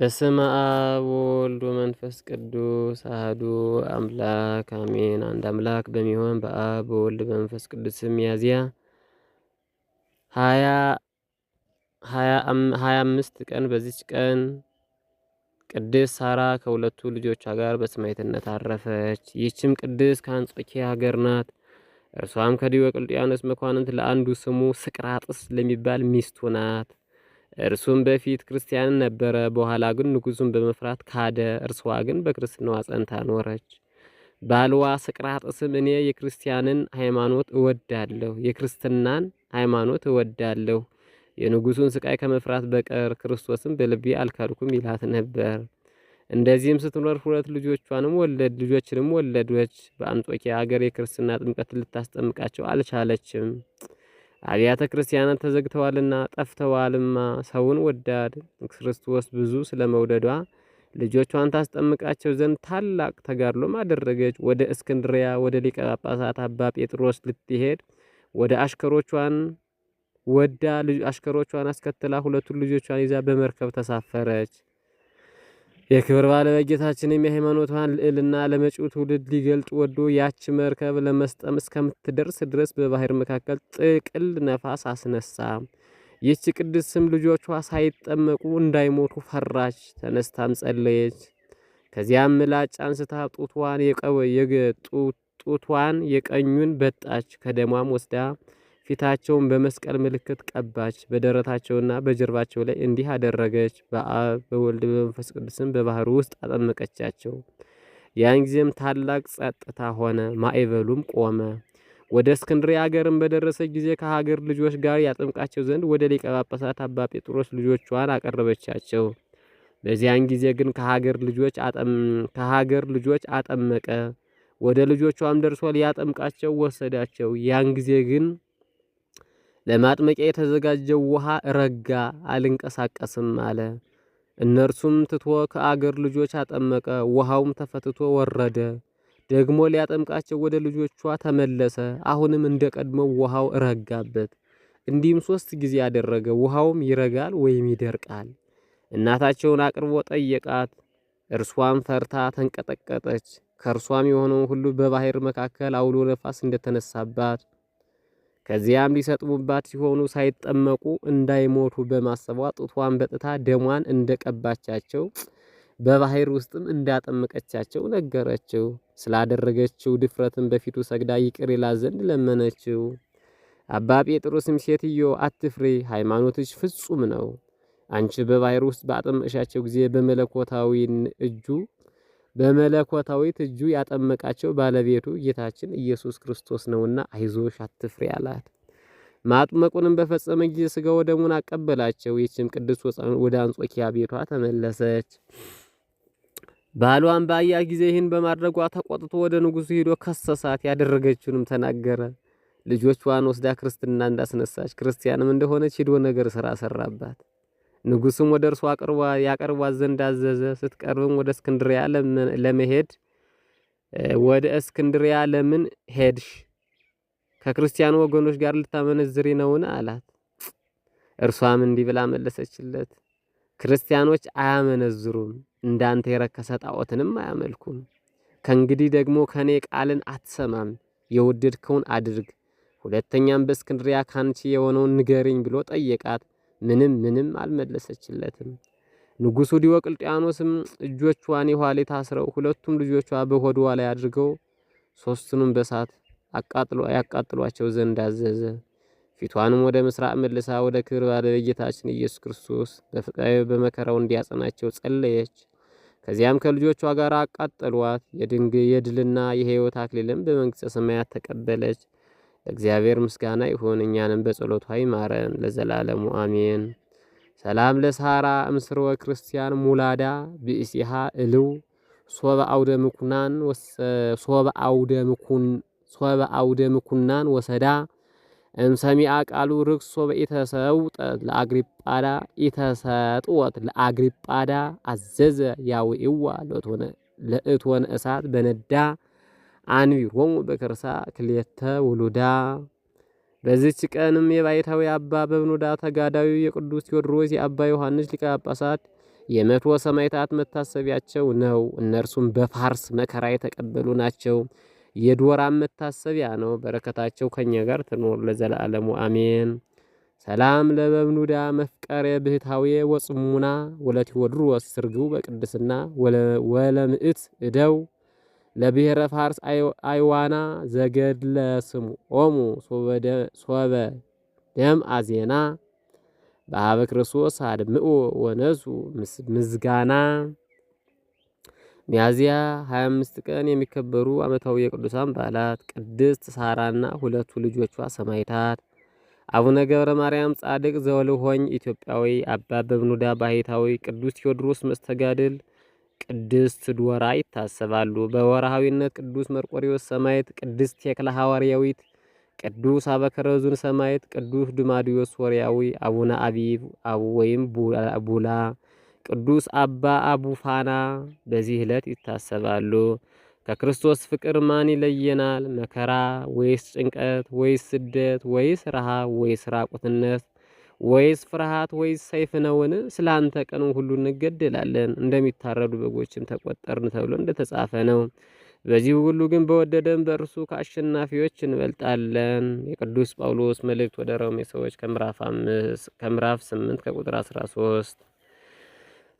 በስመ አብ ወወልድ ወመንፈስ ቅዱስ አህዱ አምላክ አሜን። አንድ አምላክ በሚሆን በአብ በወልድ በመንፈስ ቅዱስ ስም ሚያዝያ ሀያ አምስት ቀን በዚች ቀን ቅድስት ሳራ ከሁለቱ ልጆቿ ጋር በሰማዕትነት አረፈች። ይህችም ቅድስት ከአንጾኪያ ሀገር ናት። እርሷም ከዲዮቅልጥያኖስ መኳንንት ለአንዱ ስሙ ስቅራጥስ ለሚባል ሚስቱ ናት። እርሱም በፊት ክርስቲያን ነበረ፣ በኋላ ግን ንጉሱን በመፍራት ካደ። እርስዋ ግን በክርስትናዋ ጸንታ ኖረች። ባልዋ ስቅራጥስም እኔ የክርስቲያንን ሃይማኖት እወዳለሁ፣ የክርስትናን ሃይማኖት እወዳለሁ፣ የንጉሱን ስቃይ ከመፍራት በቀር ክርስቶስም በልቤ አልካድኩም ይላት ነበር። እንደዚህም ስትኖር ሁለት ልጆቿንም ወለድ ልጆችንም ወለዶች። በአንጾኪያ አገር የክርስትና ጥምቀት ልታስጠምቃቸው አልቻለችም። አብያተ ክርስቲያናት ተዘግተዋልና ጠፍተዋልማ። ሰውን ወዳድ ክርስቶስ ብዙ ስለ መውደዷ ልጆቿን ታስጠምቃቸው ዘንድ ታላቅ ተጋድሎም አደረገች። ወደ እስክንድሪያ ወደ ሊቀ ጳጳሳት አባ ጴጥሮስ ልትሄድ ወደ አሽከሮቿን ወዳ አሽከሮቿን አስከትላ ሁለቱን ልጆቿን ይዛ በመርከብ ተሳፈረች። የክብር ባለቤታችንም የሃይማኖቷን ልዕልና ለመጪው ትውልድ ሊገልጥ ወዶ ያች መርከብ ለመስጠም እስከምትደርስ ድረስ በባህር መካከል ጥቅል ነፋስ አስነሳ። ይህች ቅድስት ስም ልጆቿ ሳይጠመቁ እንዳይሞቱ ፈራች። ተነስታም ጸለየች። ከዚያም ምላጭ አንስታ ጡቷን የቀኙን በጣች። ከደሟም ወስዳ ፊታቸውን በመስቀል ምልክት ቀባች። በደረታቸውና በጀርባቸው ላይ እንዲህ አደረገች። በአብ በወልድ በመንፈስ ቅዱስም በባህር ውስጥ አጠመቀቻቸው። ያን ጊዜም ታላቅ ጸጥታ ሆነ፣ ማዕበሉም ቆመ። ወደ እስክንድሪ አገርም በደረሰ ጊዜ ከሀገር ልጆች ጋር ያጠምቃቸው ዘንድ ወደ ሊቀ ጳጳሳት አባ ጴጥሮስ ልጆቿን አቀረበቻቸው። በዚያን ጊዜ ግን ከሀገር ልጆች ከሀገር ልጆች አጠመቀ። ወደ ልጆቿም ደርሶ ሊያጠምቃቸው ወሰዳቸው። ያን ጊዜ ግን ለማጥመቂያ የተዘጋጀው ውሃ ረጋ፣ አልንቀሳቀስም አለ። እነርሱም ትቶ ከአገር ልጆች አጠመቀ። ውሃውም ተፈትቶ ወረደ። ደግሞ ሊያጠምቃቸው ወደ ልጆቿ ተመለሰ። አሁንም እንደ ቀድሞው ውሃው ረጋበት። እንዲህም ሶስት ጊዜ አደረገ። ውሃውም ይረጋል ወይም ይደርቃል። እናታቸውን አቅርቦ ጠየቃት። እርሷም ፈርታ ተንቀጠቀጠች። ከእርሷም የሆነው ሁሉ በባህር መካከል አውሎ ነፋስ እንደተነሳባት ከዚያም ሊሰጥሙባት ሲሆኑ ሳይጠመቁ እንዳይሞቱ በማሰቧ ጡቷን በጥታ ደሟን እንደቀባቻቸው በባህር ውስጥም እንዳጠመቀቻቸው ነገረችው። ስላደረገችው ድፍረትን በፊቱ ሰግዳ ይቅር ይላ ዘንድ ለመነችው። አባ ጴጥሮስም ሴትዮ አትፍሪ፣ ሃይማኖትሽ ፍጹም ነው። አንቺ በባህር ውስጥ ባጠመቅሻቸው ጊዜ በመለኮታዊ እጁ በመለኮታዊት እጁ ያጠመቃቸው ባለቤቱ ጌታችን ኢየሱስ ክርስቶስ ነውና አይዞሽ አትፍሪ አላት። ማጥመቁንም በፈጸመ ጊዜ ስጋው ደሙን አቀበላቸው። ይህችም ቅድስት ወደ አንጾኪያ ቤቷ ተመለሰች። ባሏን ባያ ጊዜ ይህን በማድረጓ ተቆጥቶ ወደ ንጉሱ ሄዶ ከሰሳት። ያደረገችውንም ተናገረ። ልጆቿን ወስዳ ክርስትና እንዳስነሳች ክርስቲያንም እንደሆነች ሂዶ ነገር ስራ ሰራባት። ንጉሱም ወደ እርሱ አቅርቧ ያቀርቧት ዘንድ አዘዘ። ስትቀርብም ወደ እስክንድሪያ ለመሄድ ወደ እስክንድሪያ ለምን ሄድሽ? ከክርስቲያን ወገኖች ጋር ልታመነዝሪ ነውን? አላት። እርሷም እንዲህ ብላ መለሰችለት፣ ክርስቲያኖች አያመነዝሩም፣ እንዳንተ የረከሰ ጣዖትንም አያመልኩም። ከእንግዲህ ደግሞ ከኔ ቃልን አትሰማም፣ የወደድከውን አድርግ። ሁለተኛም በእስክንድሪያ ካንቺ የሆነውን ንገሪኝ ብሎ ጠየቃት። ምንም ምንም አልመለሰችለትም። ንጉሱ ዲዮቅልጥያኖስም እጆቿን የኋላ ታስረው ሁለቱም ልጆቿ በሆድዋ ላይ አድርገው ሶስቱንም በሳት አቃጥሎ ያቃጥሏቸው ዘንድ አዘዘ። ፊቷንም ወደ ምስራቅ መልሳ ወደ ክብር ባለቤታችን ኢየሱስ ክርስቶስ በፍቃዩ በመከራው እንዲያጸናቸው ጸለየች። ከዚያም ከልጆቿ ጋር አቃጠሏት። የድንግ የድልና የሕይወት አክሊልም በመንግሥተ ሰማያት ተቀበለች። ለእግዚአብሔር ምስጋና ይሁን፣ እኛንም በጸሎቷ ይማረን ለዘላለሙ አሜን። ሰላም ለሳራ እምስርወ ክርስቲያን ሙላዳ ብእሲሃ እልው ሶበ አውደ ምኩናን ሶበ አውደ ምኩን ሶበ አውደ ምኩናን ወሰዳ እምሰሚአ ቃሉ ርክስ ሶበ ኢተሰውጠ ለአግሪጳዳ ኢተሰጥወት ለአግሪጳዳ አዘዘ ያውኢዋ ለእቶነ እሳት በነዳ አንቢሮሙ በከርሳ ክሌተ ውሉዳ። በዚች ቀንም የባይታዊ አባ በብኑዳ ተጋዳዊ የቅዱስ ቴዎድሮስ የአባ ዮሐንስ ሊቀ ጳጳሳት የመቶ ሰማይታት መታሰቢያቸው ነው። እነርሱም በፋርስ መከራ የተቀበሉ ናቸው። የዶራም መታሰቢያ ነው። በረከታቸው ከኛ ጋር ትኖር ለዘላለሙ አሜን። ሰላም ለበብኑዳ መፍቀር ብህታዊ ወጽሙና ወለቴዎድሮስ ስርግው በቅድስና ወለምዕት እደው ለብሔረ ፋርስ አይዋና ዘገድለ ስምዖሙ ሶበ ደም አዜና በሀበ ክርስቶስ አድምኡ ወነሱ ምዝጋና። ሚያዝያ 25 ቀን የሚከበሩ ዓመታዊ የቅዱሳን በዓላት ቅድስት ሳራና ሁለቱ ልጆቿ ሰማይታት አቡነ ገብረ ማርያም ጻድቅ ዘልሆኝ ኢትዮጵያዊ፣ አባ በብኑዳ ባሕታዊ፣ ቅዱስ ቴዎድሮስ መስተጋድል ቅድስት ዶራ ይታሰባሉ። በወርሃዊነት ቅዱስ መርቆሪዎስ ሰማዕት፣ ቅድስት ቴክላ ሐዋርያዊት፣ ቅዱስ አበከረዙን ሰማዕት፣ ቅዱስ ድማዲዮስ ሶርያዊ፣ አቡነ አቢብ ወይም ቡላ፣ ቅዱስ አባ አቡፋና በዚህ ዕለት ይታሰባሉ። ከክርስቶስ ፍቅር ማን ይለየናል? መከራ ወይስ ጭንቀት ወይስ ስደት ወይስ ረሃብ ወይስ ራቁትነት ወይስ ፍርሃት ወይስ ሰይፍ ነውን? ስለ አንተ ቀኑን ሁሉ እንገደላለን፣ እንደሚታረዱ በጎችም ተቆጠርን ተብሎ እንደተጻፈ ነው። በዚህ ሁሉ ግን በወደደን በእርሱ ከአሸናፊዎች እንበልጣለን። የቅዱስ ጳውሎስ መልእክት ወደ ሮሜ ሰዎች ከምዕራፍ 8 ከቁጥር 13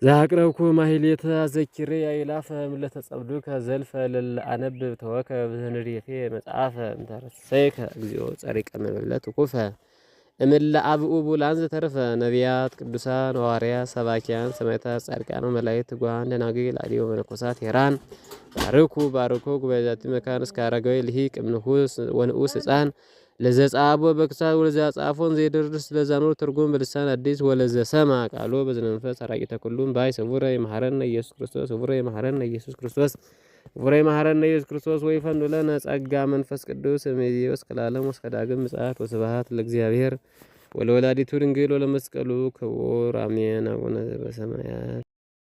ዛቅረብኩ ማህሌተ ዘኪሬ ያይላፈ ምለተ ጸብዱከ ዘልፈ ለአነብብ ተወከ ብህንሪቴ መጽሐፈ እንተረሰይከ እግዚኦ ጸሪቀ መብለት ኩፈ እምለ አብኡ ቡላን ዘተርፈ ነቢያት፣ ቅዱሳን፣ ሐዋርያት፣ ሰባኪያን፣ ሰማዕታት፣ ጻድቃን፣ መላእክት፣ ጓን ደናግል፣ አሊ ወመነኮሳት ሄራን ባርኩ ባርኮ ጉባኤ ዛቲ መካን እስከ አረጋዊ ልሂቅ እምንኩስ ወንኡስ ህፃን ለዘጻቦ በክሳት ወለዘ ጻፎን ዘይደርስ ለዛኖር ትርጉም በልሳን አዲስ ወለዘ ሰማ ቃሉ በዝነ አራቂ ተኩሉም ባይ ስቡረ ይመሐረነ ኢየሱስ ክርስቶስ ስቡረ ይመሐረነ ኢየሱስ ክርስቶስ ስቡረ ይመሐረነ ኢየሱስ ክርስቶስ ወይ ፈንዱ ለነ ጸጋ መንፈስ ቅዱስ እምይእዜሰ እስከ ለዓለም ወእስከ ዳግም ምጽአት ወስብሐት ለእግዚአብሔር ወለወላዲቱ ድንግል ወለመስቀሉ ክቡር አሜን። አቡነ ዘበሰማያት